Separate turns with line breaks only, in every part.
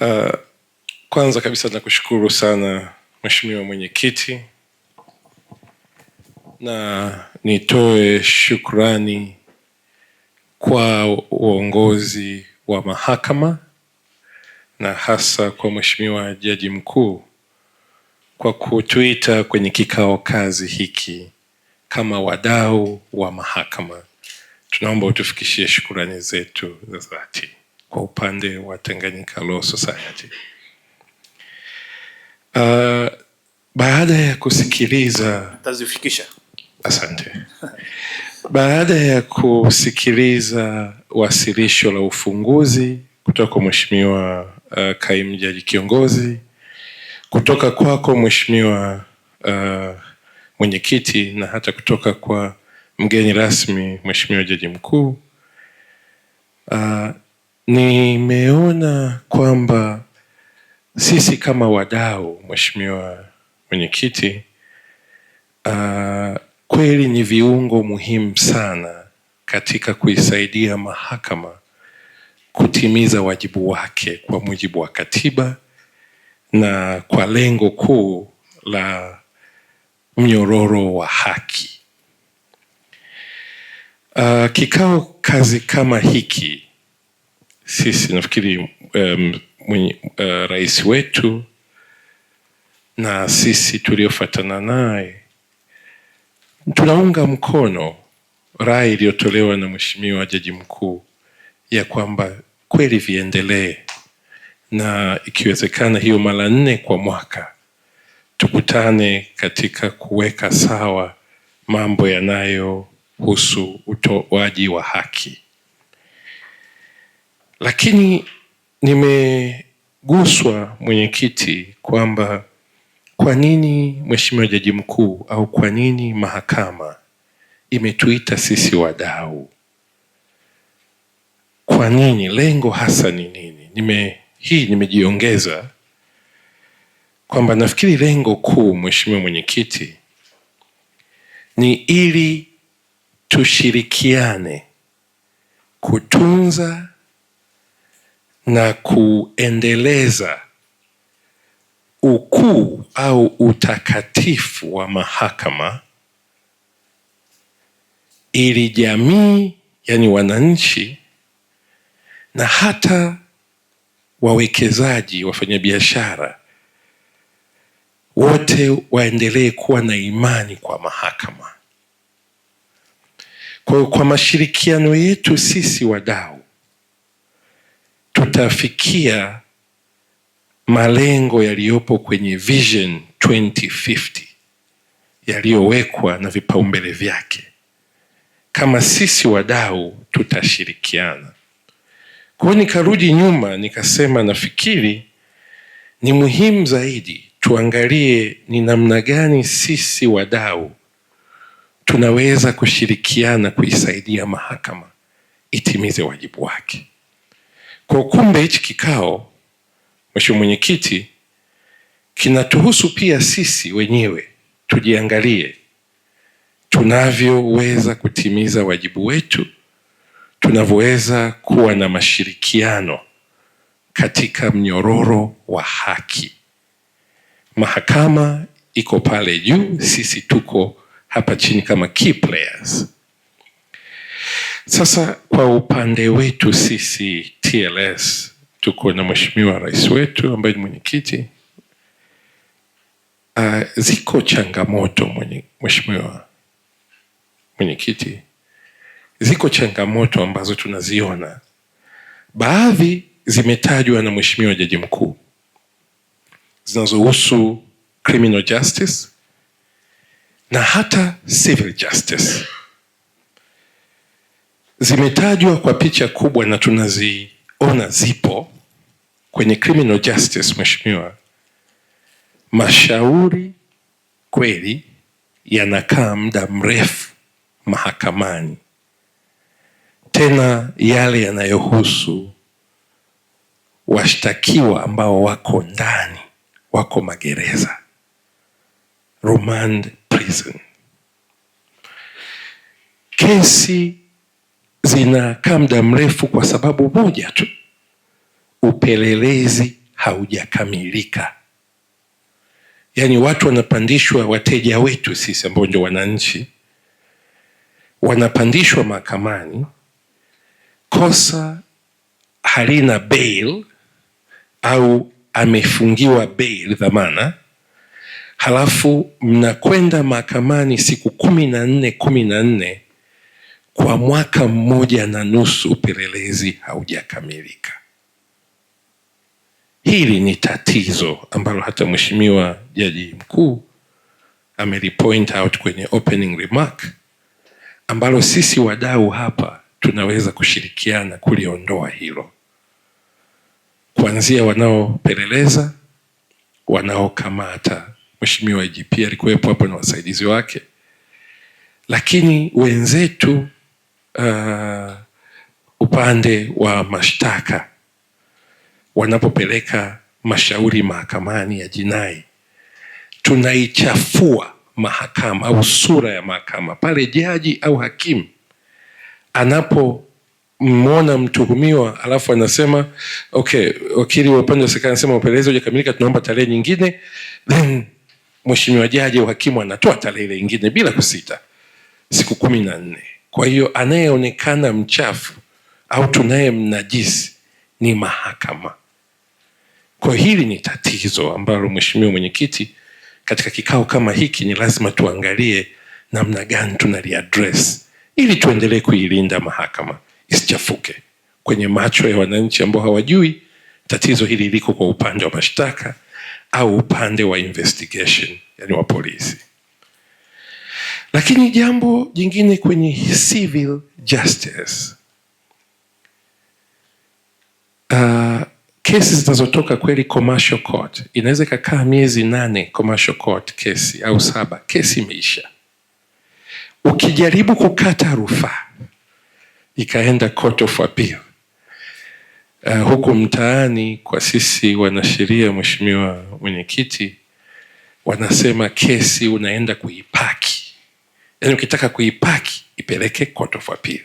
Uh, kwanza kabisa nakushukuru sana Mheshimiwa Mwenyekiti, na nitoe shukrani kwa uongozi wa mahakama na hasa kwa Mheshimiwa Jaji Mkuu kwa kutuita kwenye kikao kazi hiki. Kama wadau wa mahakama, tunaomba utufikishie shukurani zetu za dhati kwa upande wa Tanganyika Law Society. Uh, baada ya kusikiliza tazifikisha.
Asante. Baada ya kusikiliza wasilisho la ufunguzi kutoka kwa Mheshimiwa uh, kaimu jaji kiongozi, kutoka kwako Mheshimiwa uh, mwenyekiti, na hata kutoka kwa mgeni rasmi Mheshimiwa Jaji Mkuu uh, Nimeona kwamba sisi kama wadau, Mheshimiwa Mwenyekiti, uh, kweli ni viungo muhimu sana katika kuisaidia mahakama kutimiza wajibu wake kwa mujibu wa katiba na kwa lengo kuu la mnyororo wa haki. Uh, kikao kazi kama hiki sisi nafikiri um, uh, rais wetu na sisi tuliofatana naye tunaunga mkono rai iliyotolewa na mheshimiwa jaji mkuu ya kwamba kweli viendelee na ikiwezekana hiyo mara nne kwa mwaka tukutane katika kuweka sawa mambo yanayohusu utoaji wa haki lakini nimeguswa mwenyekiti, kwamba kwa nini mheshimiwa jaji mkuu au kwa nini mahakama imetuita sisi wadau? Kwa nini? Lengo hasa ni nini? Nime, hii nimejiongeza kwamba nafikiri lengo kuu, mheshimiwa mwenyekiti, ni ili tushirikiane kutunza na kuendeleza ukuu au utakatifu wa mahakama ili jamii, yani wananchi na hata wawekezaji, wafanyabiashara wote waendelee kuwa na imani kwa mahakama. Kwa kwa mashirikiano yetu sisi wadau tutafikia malengo yaliyopo kwenye Vision 2050 yaliyowekwa na vipaumbele vyake, kama sisi wadau tutashirikiana. Kwa nikarudi nyuma nikasema, nafikiri ni muhimu zaidi tuangalie ni namna gani sisi wadau tunaweza kushirikiana kuisaidia mahakama itimize wajibu wake. Kwa kumbe hichi kikao, Mheshimiwa Mwenyekiti, kinatuhusu pia sisi wenyewe tujiangalie tunavyoweza kutimiza wajibu wetu, tunavyoweza kuwa na mashirikiano katika mnyororo wa haki. Mahakama iko pale juu, sisi tuko hapa chini kama key players. Sasa kwa upande wetu sisi TLS tuko na mheshimiwa rais wetu ambaye ni mwenyekiti. Uh, ziko changamoto mwenye, mheshimiwa mwenyekiti, ziko changamoto ambazo tunaziona, baadhi zimetajwa na mheshimiwa jaji mkuu zinazohusu criminal justice na hata civil justice zimetajwa kwa picha kubwa na tunaziona zipo kwenye criminal justice. Mheshimiwa, mashauri kweli yanakaa muda mrefu mahakamani, tena yale yanayohusu washtakiwa ambao wako ndani, wako magereza, remand prison. Kesi zinakaa muda mrefu kwa sababu moja tu, upelelezi haujakamilika. Yaani watu wanapandishwa, wateja wetu sisi ambao ndio wananchi, wanapandishwa mahakamani, kosa halina bail au amefungiwa bail, dhamana halafu mnakwenda mahakamani siku kumi na nne kumi na nne kwa mwaka mmoja na nusu upelelezi haujakamilika. Hili ni tatizo ambalo hata Mheshimiwa Jaji Mkuu amelipoint out kwenye opening remark, ambalo sisi wadau hapa tunaweza kushirikiana kuliondoa hilo, kuanzia wanaopeleleza, wanaokamata. Mheshimiwa IGP alikuwepo hapo na wasaidizi wake, lakini wenzetu uh, upande wa mashtaka wanapopeleka mashauri mahakamani ya jinai, tunaichafua mahakama au sura ya mahakama pale jaji au hakimu anapomwona mtuhumiwa alafu anasema okay, wakili wa upande wa serikali anasema upelelezi hujakamilika, tunaomba tarehe nyingine, then mheshimiwa jaji au hakimu anatoa tarehe ile ingine bila kusita, siku kumi na nne. Kwa hiyo anayeonekana mchafu au tunayemnajisi ni mahakama. Kwa hili ni tatizo ambalo Mheshimiwa Mwenyekiti, katika kikao kama hiki ni lazima tuangalie namna gani tunaliadress ili tuendelee kuilinda mahakama isichafuke kwenye macho ya wananchi ambao hawajui tatizo hili liko kwa upande wa mashtaka au upande wa investigation, yani wa polisi. Lakini jambo jingine kwenye civil justice, uh, kesi zinazotoka kweli commercial court inaweza ikakaa miezi nane, commercial court kesi au saba, kesi imeisha. Ukijaribu kukata rufaa ikaenda court of appeal. Uh, huku mtaani kwa sisi wanasheria, Mheshimiwa Mwenyekiti, wanasema kesi unaenda kuipaki yani ukitaka kuipaki ipeleke court of appeal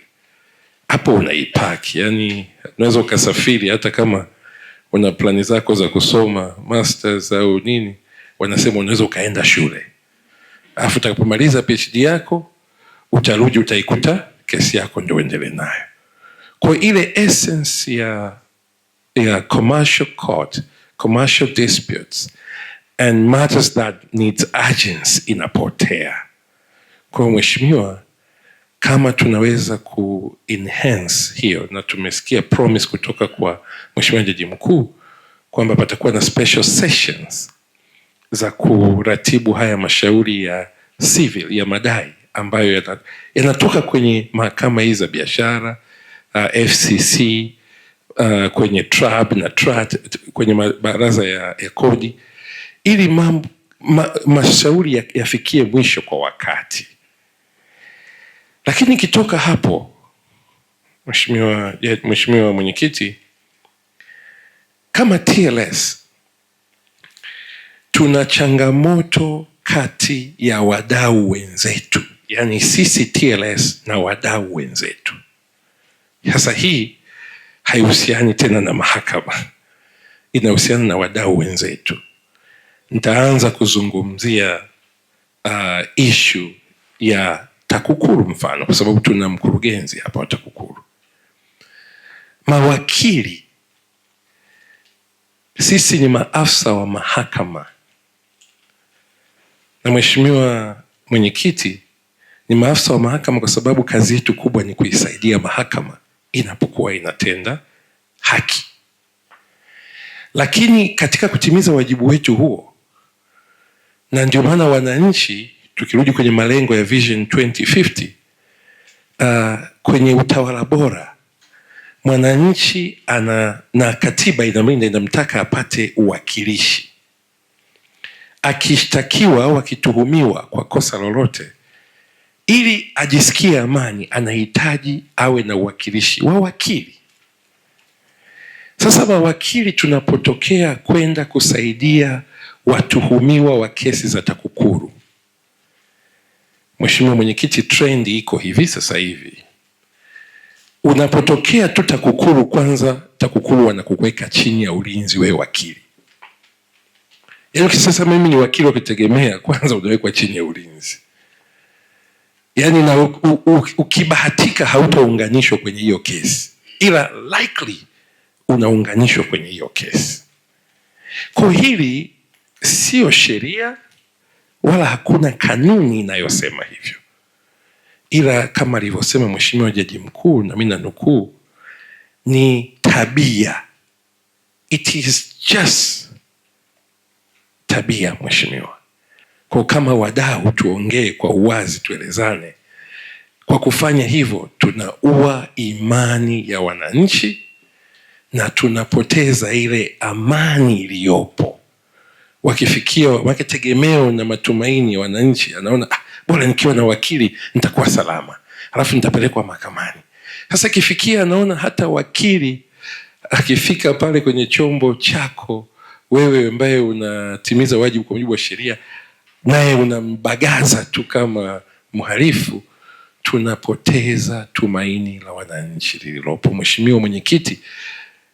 hapo unaipaki yani unaweza ukasafiri hata kama una plani zako za kusoma masters au nini wanasema unaweza ukaenda shule alafu utakapomaliza phd yako utarudi utaikuta kesi yako ndio uendele nayo kwa ile essence ya, ya commercial court commercial disputes and matters that needs urgency inapotea kwao. mheshimiwa, kama tunaweza ku enhance hiyo, na tumesikia promise kutoka kwa mheshimiwa jaji mkuu kwamba patakuwa na special sessions za kuratibu haya mashauri ya civil ya madai ambayo yanatoka kwenye mahakama hii za biashara uh, FCC uh, kwenye TRAB na TRAT, kwenye baraza ya, ya kodi ili ma, ma, mashauri yafikie ya mwisho kwa wakati. Lakini kitoka hapo, mweshimiwa mwenyekiti, kama TLS tuna changamoto kati ya wadau wenzetu, yani sisi TLS na wadau wenzetu. Sasa hii haihusiani tena na mahakama, inahusiana na wadau wenzetu. Nitaanza kuzungumzia uh, ishu ya TAKUKURU mfano, kwa sababu tuna mkurugenzi hapa wa TAKUKURU. Mawakili sisi ni maafisa wa mahakama, na mheshimiwa mwenyekiti ni maafisa wa mahakama kwa sababu kazi yetu kubwa ni kuisaidia mahakama inapokuwa inatenda haki, lakini katika kutimiza wajibu wetu huo, na ndio maana wananchi tukirudi kwenye malengo ya Vision 2050 uh, kwenye utawala bora mwananchi ana na katiba inamlinda, inamtaka apate uwakilishi. Akishtakiwa au akituhumiwa kwa kosa lolote, ili ajisikie amani, anahitaji awe na uwakilishi wa wakili. Sasa mawakili tunapotokea kwenda kusaidia watuhumiwa wa kesi za TAKUKURU Mheshimiwa Mwenyekiti, trendi iko hivi sasa hivi, unapotokea tu TAKUKURU, kwanza TAKUKURU wanakuweka chini ya ulinzi wewe wakili. Yaani sasa mimi ni wakili wa kutegemea, kwanza unawekwa chini ya ulinzi yaani, na u, u, ukibahatika hautaunganishwa kwenye hiyo kesi, ila likely unaunganishwa kwenye hiyo kesi. Kwa hili sio sheria wala hakuna kanuni inayosema hivyo, ila kama alivyosema mweshimiwa Jaji Mkuu, na na nanukuu, ni tabia. It is just tabia, mweshimiwa ko kama wadau, tuongee kwa uwazi, tuelezane. Kwa kufanya hivyo, tunaua imani ya wananchi na tunapoteza ile amani iliyopo wakifikia wake na matumaini ya wananchi, anaona ah, bora nikiwa na wakili nitakuwa salama, alafu nitapelekwa mahakamani. Sasa kifikia anaona hata wakili akifika pale kwenye chombo chako wewe ambaye unatimiza wajibu kwa mujibu wa sheria, naye unambagaza tu kama mhalifu, tunapoteza tumaini la wananchi lililopo. mweshimiwa Mwenyekiti,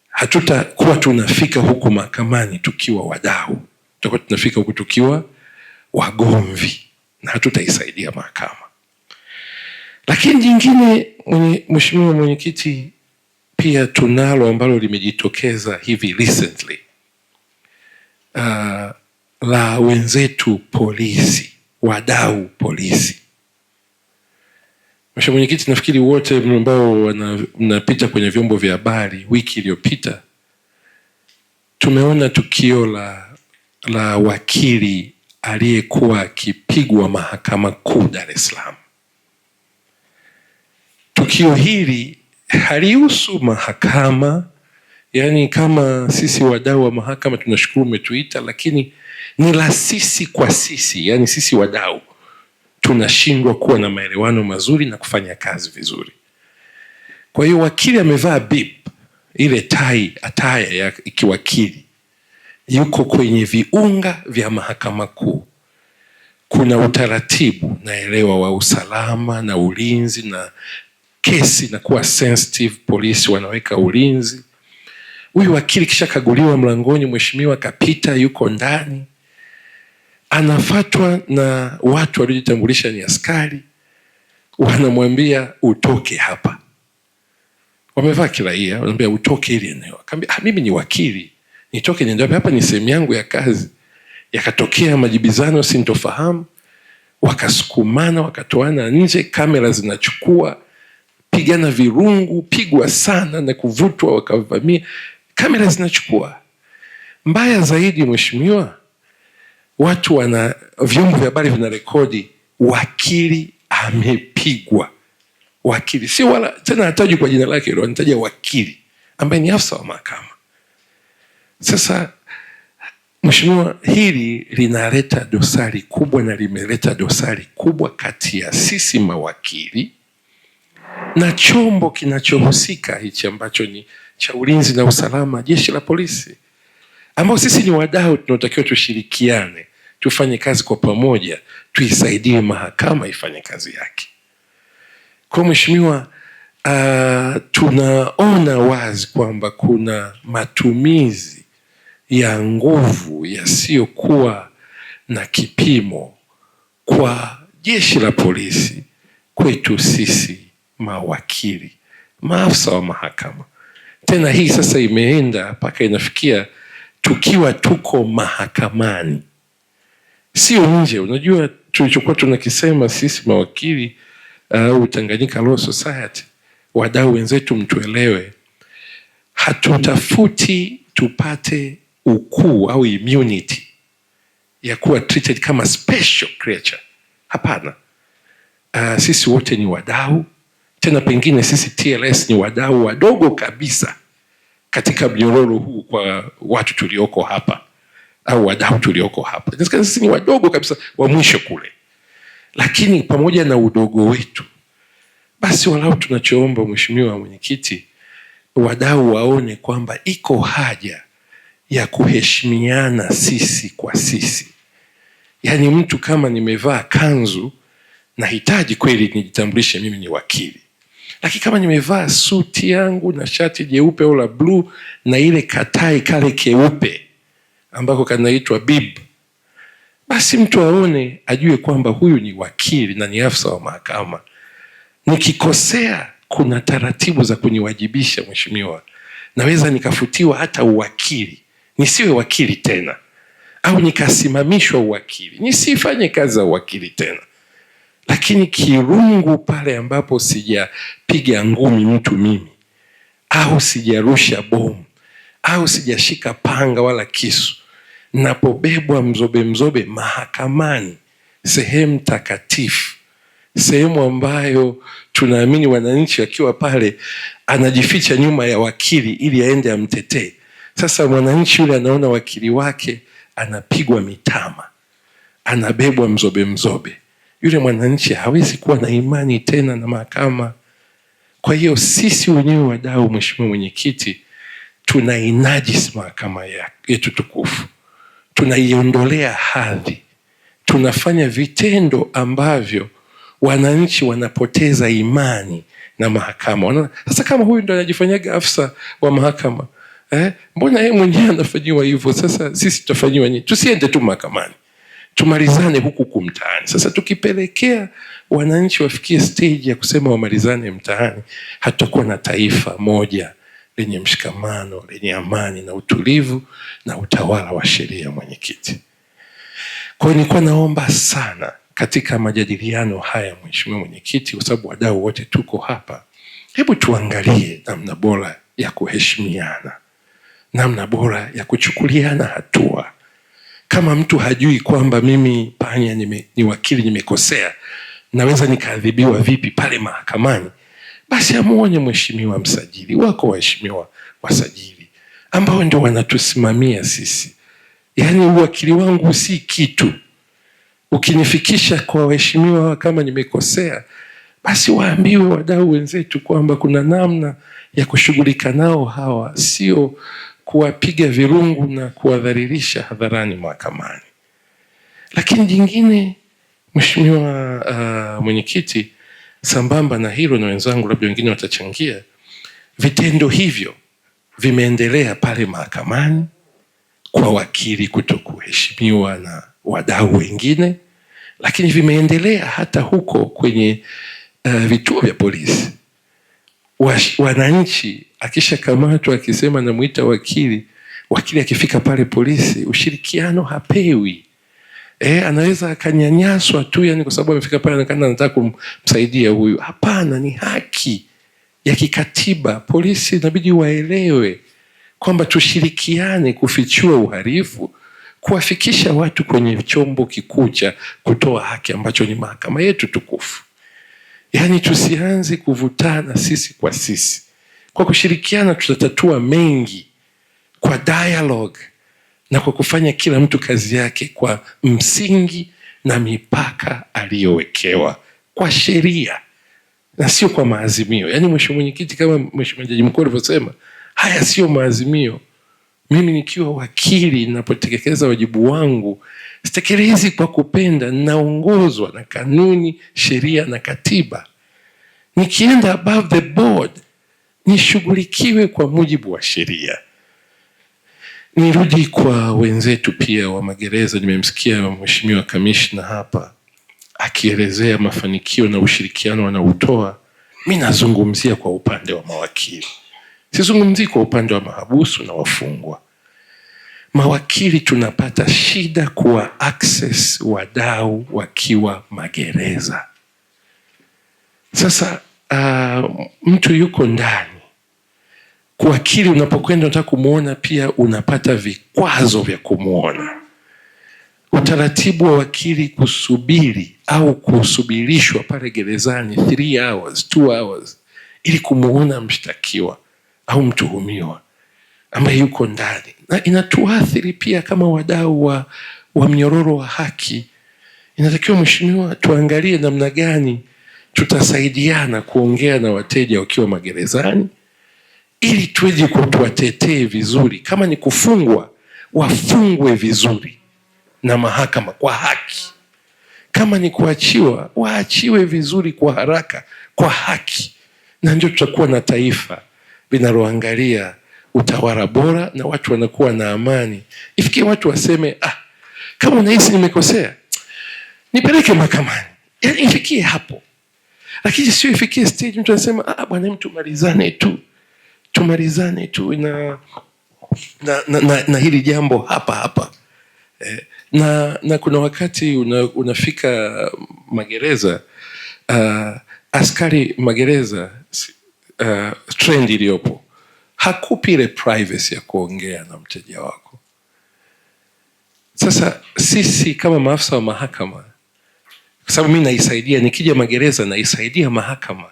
hatutakuwa tunafika huku mahakamani tukiwa wadau tutakuwa tunafika huku tukiwa wagomvi na hatutaisaidia mahakama lakini jingine mweshimiwa mwenyekiti pia tunalo ambalo limejitokeza hivi recently uh, la wenzetu polisi wadau polisi mheshimiwa mwenyekiti nafikiri wote ambao mnapita kwenye vyombo vya habari wiki iliyopita tumeona tukio la la wakili aliyekuwa akipigwa Mahakama Kuu Dar es Salaam. Tukio hili halihusu mahakama, yaani kama sisi wadau wa mahakama tunashukuru umetuita, lakini ni la sisi kwa sisi, yaani sisi wadau tunashindwa kuwa na maelewano mazuri na kufanya kazi vizuri. Kwa hiyo wakili amevaa bib ile tai ataya ya kiwakili yuko kwenye viunga vya mahakama kuu. Kuna utaratibu naelewa wa usalama na ulinzi na kesi kuwa sensitive, polisi wanaweka ulinzi. Huyu wakili kishakaguliwa mlangoni, mheshimiwa kapita, yuko ndani, anafatwa na watu waliojitambulisha ni askari, wanamwambia utoke hapa. Wamevaa kiraia, wanamwambia utoke ili eneo. Akaambia ah, mimi ni wakili nitoke niendape, hapa ni sehemu yangu ya kazi. Yakatokea majibizano, sintofahamu, wakasukumana, wakatoana nje, kamera zinachukua, pigana virungu, pigwa sana na kuvutwa, wakavamia, kamera zinachukua. Mbaya zaidi, mweshimiwa watu wana vyombo vya habari rekodi wakili amepigwa. Wakili si wala tena hataji kwa jina lake, anataja wakili ambaye ni afsa wa mahakama. Sasa mheshimiwa, hili linaleta dosari kubwa na limeleta dosari kubwa kati ya sisi mawakili na chombo kinachohusika hichi ambacho ni cha ulinzi na usalama, jeshi la polisi, ambao sisi ni wadau tunaotakiwa tushirikiane, tufanye kazi kwa pamoja, tuisaidie mahakama ifanye kazi yake. Kwa mheshimiwa, uh, tunaona wazi kwamba kuna matumizi ya nguvu yasiyokuwa na kipimo kwa jeshi la polisi, kwetu sisi mawakili, maafisa wa mahakama. Tena hii sasa imeenda mpaka inafikia tukiwa tuko mahakamani, sio nje. Unajua tulichokuwa tunakisema sisi mawakili au uh, Tanganyika Law Society, wadau wenzetu, mtuelewe, hatutafuti tupate ukuu au immunity ya kuwa treated kama special creature. Hapana. Uh, sisi wote ni wadau, tena pengine sisi TLS ni wadau wadogo kabisa katika mnyororo huu kwa watu tulioko hapa au wadau tulioko hapa. Inawezekana sisi ni wadogo kabisa wa mwisho kule, lakini pamoja na udogo wetu, basi walau tunachoomba, Mheshimiwa Mwenyekiti, wadau waone kwamba iko haja ya kuheshimiana sisi kwa sisi. Yaani, mtu kama nimevaa kanzu nahitaji kweli nijitambulishe mimi ni wakili, lakini kama nimevaa suti yangu na shati jeupe au la bluu na ile katai kale keupe ambako kanaitwa bib, basi mtu aone, ajue kwamba huyu ni wakili na ni afisa wa mahakama. Nikikosea kuna taratibu za kuniwajibisha, mweshimiwa naweza nikafutiwa hata uwakili nisiwe wakili tena, au nikasimamishwa uwakili, nisifanye kazi za uwakili tena. Lakini kirungu pale ambapo sijapiga ngumi mtu mimi, au sijarusha bomu, au sijashika panga wala kisu, napobebwa mzobe mzobe mahakamani, sehemu takatifu sehemu ambayo tunaamini wananchi akiwa pale anajificha nyuma ya wakili ili aende amtetee. Sasa mwananchi yule anaona wakili wake anapigwa mitama, anabebwa mzobe mzobe. Yule mwananchi hawezi kuwa na imani tena na mahakama. Kwa hiyo sisi wenyewe wadau, mweshimua Mwenyekiti, tunainajisi mahakama yetu tukufu, tunaiondolea hadhi, tunafanya vitendo ambavyo wananchi wanapoteza imani na mahakama. Sasa kama huyu ndo anajifanyaga afisa wa mahakama eh? Mbona yeye mwenyewe anafanyiwa hivyo? Sasa sisi tutafanyiwa nini? Tusiende tu mahakamani, tumalizane huku ku mtaani. Sasa tukipelekea wananchi wafikie stage ya kusema wamalizane mtaani, hatutakuwa na taifa moja lenye mshikamano, lenye amani na utulivu na utawala wa sheria. Mwenyekiti, kwao nilikuwa naomba sana katika majadiliano haya, mheshimiwa mwenyekiti, kwa sababu wadau wote tuko hapa, hebu tuangalie namna bora ya kuheshimiana namna bora ya kuchukuliana hatua. Kama mtu hajui kwamba mimi panya nime, ni wakili nimekosea, naweza nikaadhibiwa vipi pale mahakamani, basi amuonye mheshimiwa msajili wako, waheshimiwa wasajili ambao ndio wanatusimamia sisi. Yaani uwakili wangu si kitu. Ukinifikisha kwa waheshimiwa kama nimekosea, basi waambiwe wadau wenzetu kwamba kuna namna ya kushughulika nao hawa, sio kuwapiga virungu na kuwadhalilisha hadharani mahakamani. Lakini jingine, mheshimiwa uh, mwenyekiti, sambamba na hilo na wenzangu labda wengine watachangia, vitendo hivyo vimeendelea pale mahakamani kwa wakili kuto kuheshimiwa na wadau wengine, lakini vimeendelea hata huko kwenye uh, vituo vya polisi wananchi akishakamatwa akisema namuita wakili, wakili akifika pale polisi, ushirikiano hapewi. E, anaweza akanyanyaswa tu yani, kwa sababu amefika pale anakana anataka kumsaidia huyu. Hapana, ni haki ya kikatiba. Polisi inabidi waelewe kwamba tushirikiane kufichua uharifu kuwafikisha watu kwenye chombo kikuu cha kutoa haki ambacho ni mahakama yetu tukufu. Yaani tusianze kuvutana sisi kwa sisi. Kwa kushirikiana tutatatua mengi kwa dialogue na kwa kufanya kila mtu kazi yake kwa msingi na mipaka aliyowekewa kwa sheria na sio kwa maazimio. Yaani mwisho mwenyekiti, kama mweshimua jaji mkuu alivyosema, haya siyo maazimio. Mimi nikiwa wakili, napotekekeza wajibu wangu sitekelezi kwa kupenda, naongozwa na kanuni, sheria na katiba. Nikienda above the board nishughulikiwe kwa mujibu wa sheria. Nirudi kwa wenzetu pia wa magereza. Nimemsikia mheshimiwa kamishna hapa akielezea mafanikio na ushirikiano wanaotoa. Mi nazungumzia kwa upande wa mawakili, sizungumzii kwa upande wa mahabusu na wafungwa. Mawakili tunapata shida kuwa access wadau wakiwa magereza. Sasa uh, mtu yuko ndani kuakili unapokwenda unataka kumwona, pia unapata vikwazo vya kumwona. Utaratibu wa wakili kusubiri au kusubirishwa pale gerezani three hours, two hours ili kumwona mshtakiwa au mtuhumiwa ambaye yuko ndani, na inatuathiri pia kama wadau wa, wa mnyororo wa haki. Inatakiwa mheshimiwa, tuangalie namna gani tutasaidiana kuongea na wateja wakiwa magerezani ili tuweze tuwatetee vizuri. Kama ni kufungwa, wafungwe vizuri na mahakama kwa haki. Kama ni kuachiwa, waachiwe vizuri kwa haraka, kwa haki, na ndio tutakuwa na taifa linaloangalia utawala bora na watu wanakuwa na amani. Ifikie watu waseme ah, kama unahisi nimekosea nipeleke mahakamani, yani ifikie hapo, lakini sio ifikie stage mtu anasema ah, bwana, mtu malizane tu tumalizane tu na, na, na, na, na hili jambo hapa hapa eh, na, na kuna wakati una, unafika magereza uh, askari magereza uh, trend iliyopo hakupi ile privacy ya kuongea na mteja wako. Sasa sisi kama maafisa wa mahakama, kwa sababu mi naisaidia, nikija magereza naisaidia mahakama,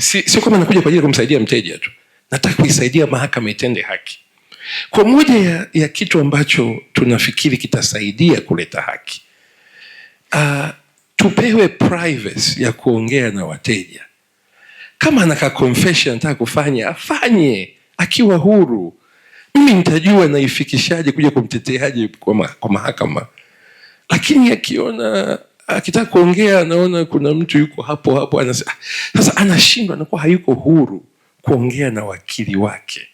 sio si kama nakuja kwa ajili ya kumsaidia mteja tu. Nataka kuisaidia mahakama itende haki. Kwa moja ya, ya kitu ambacho tunafikiri kitasaidia kuleta haki uh, tupewe privacy ya kuongea na wateja. Kama anaka confession anataka kufanya afanye akiwa huru, mimi nitajua naifikishaje kuja kumteteaje kwa, ma, kwa mahakama. Lakini akiona akitaka kuongea, anaona kuna mtu yuko hapo hapo, anasema ah, sasa, anashindwa, anakuwa hayuko huru kuongea na wakili wake.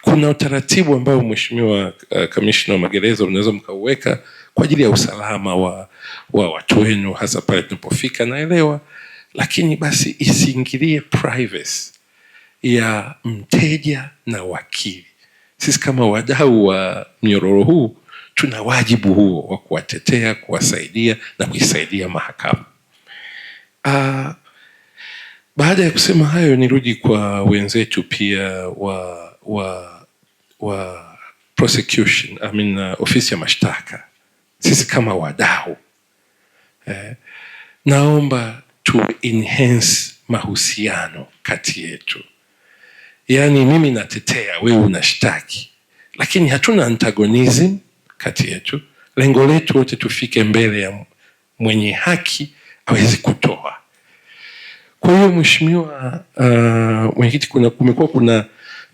Kuna utaratibu ambao mheshimiwa uh, kamishna wa magereza mnaweza mkauweka kwa ajili ya usalama wa, wa watu wenu hasa pale tunapofika, naelewa, lakini basi isiingilie privacy ya mteja na wakili. Sisi kama wadau wa mnyororo huu tuna wajibu huo wa kuwatetea, kuwasaidia na kuisaidia mahakama. Uh, baada ya kusema hayo, nirudi kwa wenzetu pia wa wa wa prosecution I mean, uh, ofisi ya mashtaka, sisi kama wadau eh, naomba tu enhance mahusiano kati yetu, yaani mimi natetea, wewe unashtaki, lakini hatuna antagonism kati yetu. Lengo letu wote tufike mbele ya mwenye haki aweze kutoa kwa hiyo mheshimiwa uh, mwenyekiti, kuna kumekuwa kuna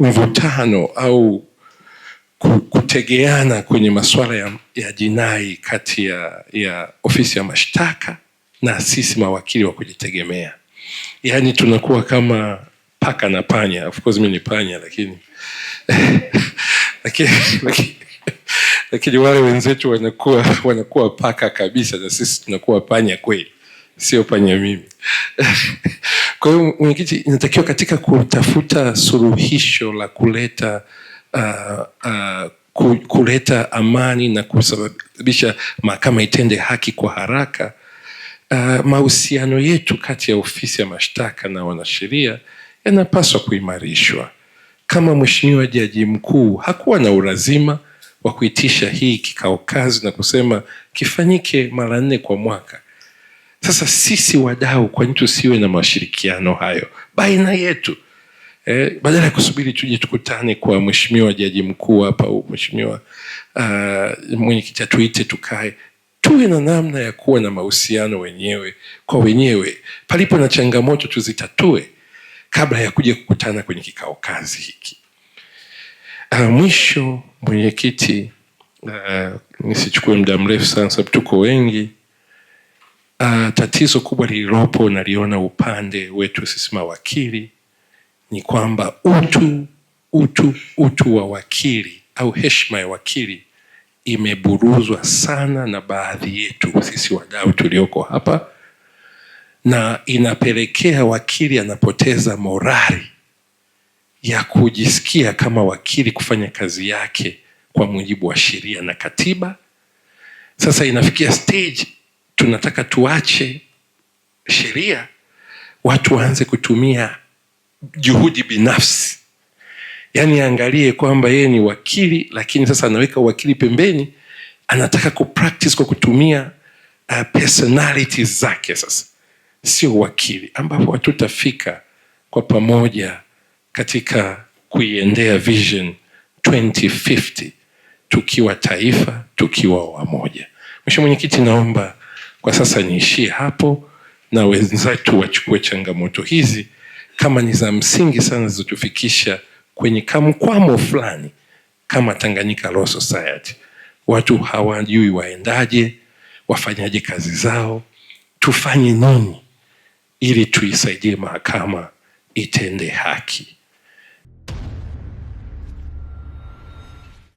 mvutano au kutegeana kwenye masuala ya, ya jinai kati ya, ya ofisi ya mashtaka na sisi mawakili wa kujitegemea, yaani tunakuwa kama paka na panya. Of course mi ni panya, lakini lakini, lakini, lakini wale wenzetu wanakuwa wanakuwa paka kabisa na sisi tunakuwa panya kweli sio panya mimi. Kwa hiyo mwenyekiti, inatakiwa katika kutafuta suluhisho la kuleta uh, uh, kuleta amani na kusababisha mahakama itende haki kwa haraka. Uh, mahusiano yetu kati ya ofisi ya mashtaka na wanasheria yanapaswa kuimarishwa. Kama mweshimiwa jaji mkuu hakuwa na urazima wa kuitisha hii kikao kazi na kusema kifanyike mara nne kwa mwaka, sasa sisi wadau, kwa nini tusiwe na mashirikiano hayo baina yetu eh? Badala ya kusubiri tuje tukutane kwa mheshimiwa jaji mkuu hapa au mweshimiwa uh, ah, mwenyekiti atuite tukae, tuwe na namna ya kuwa na mahusiano wenyewe kwa wenyewe. Palipo na changamoto tuzitatue kabla ya kuja kukutana kwenye kikao kazi hiki. Uh, mwisho mwenyekiti, uh, nisichukue muda mrefu sana sababu tuko wengi. Uh, tatizo kubwa lililopo naliona upande wetu sisi mawakili ni kwamba utu utu utu wa wakili au heshima ya wakili imeburuzwa sana na baadhi yetu sisi wadau tulioko hapa, na inapelekea wakili anapoteza morali ya kujisikia kama wakili kufanya kazi yake kwa mujibu wa sheria na katiba. Sasa inafikia stage tunataka tuache sheria, watu waanze kutumia juhudi binafsi, yaani aangalie kwamba yeye ni wakili, lakini sasa anaweka uwakili pembeni, anataka kupractice kwa kutumia uh, personality zake sasa, sio wakili, ambapo hatutafika kwa pamoja katika kuiendea vision 2050 tukiwa taifa tukiwa wamoja. mwisho Mwenyekiti, naomba kwa sasa niishie hapo, na wenzetu wachukue changamoto hizi kama ni za msingi sana zilizotufikisha kwenye kamkwamo fulani kama Tanganyika Law Society. Watu hawajui waendaje, wafanyaje kazi zao, tufanye nini ili tuisaidie mahakama itende haki.